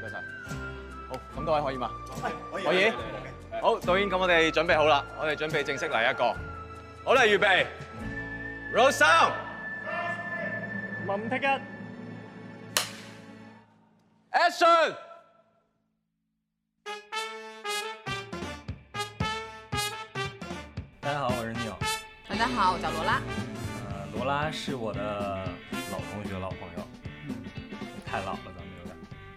多謝，好，咁各位可以嘛？可以，可以，可以，對對對，好，導演，咁我哋準備好啦，我哋準備正式嚟一個，好啦，預備，Rose，聞聽一，Action！大家好，我是 Neil。大家好，我叫騾拉。呃，騾拉是我的老同學、老朋友，太老了。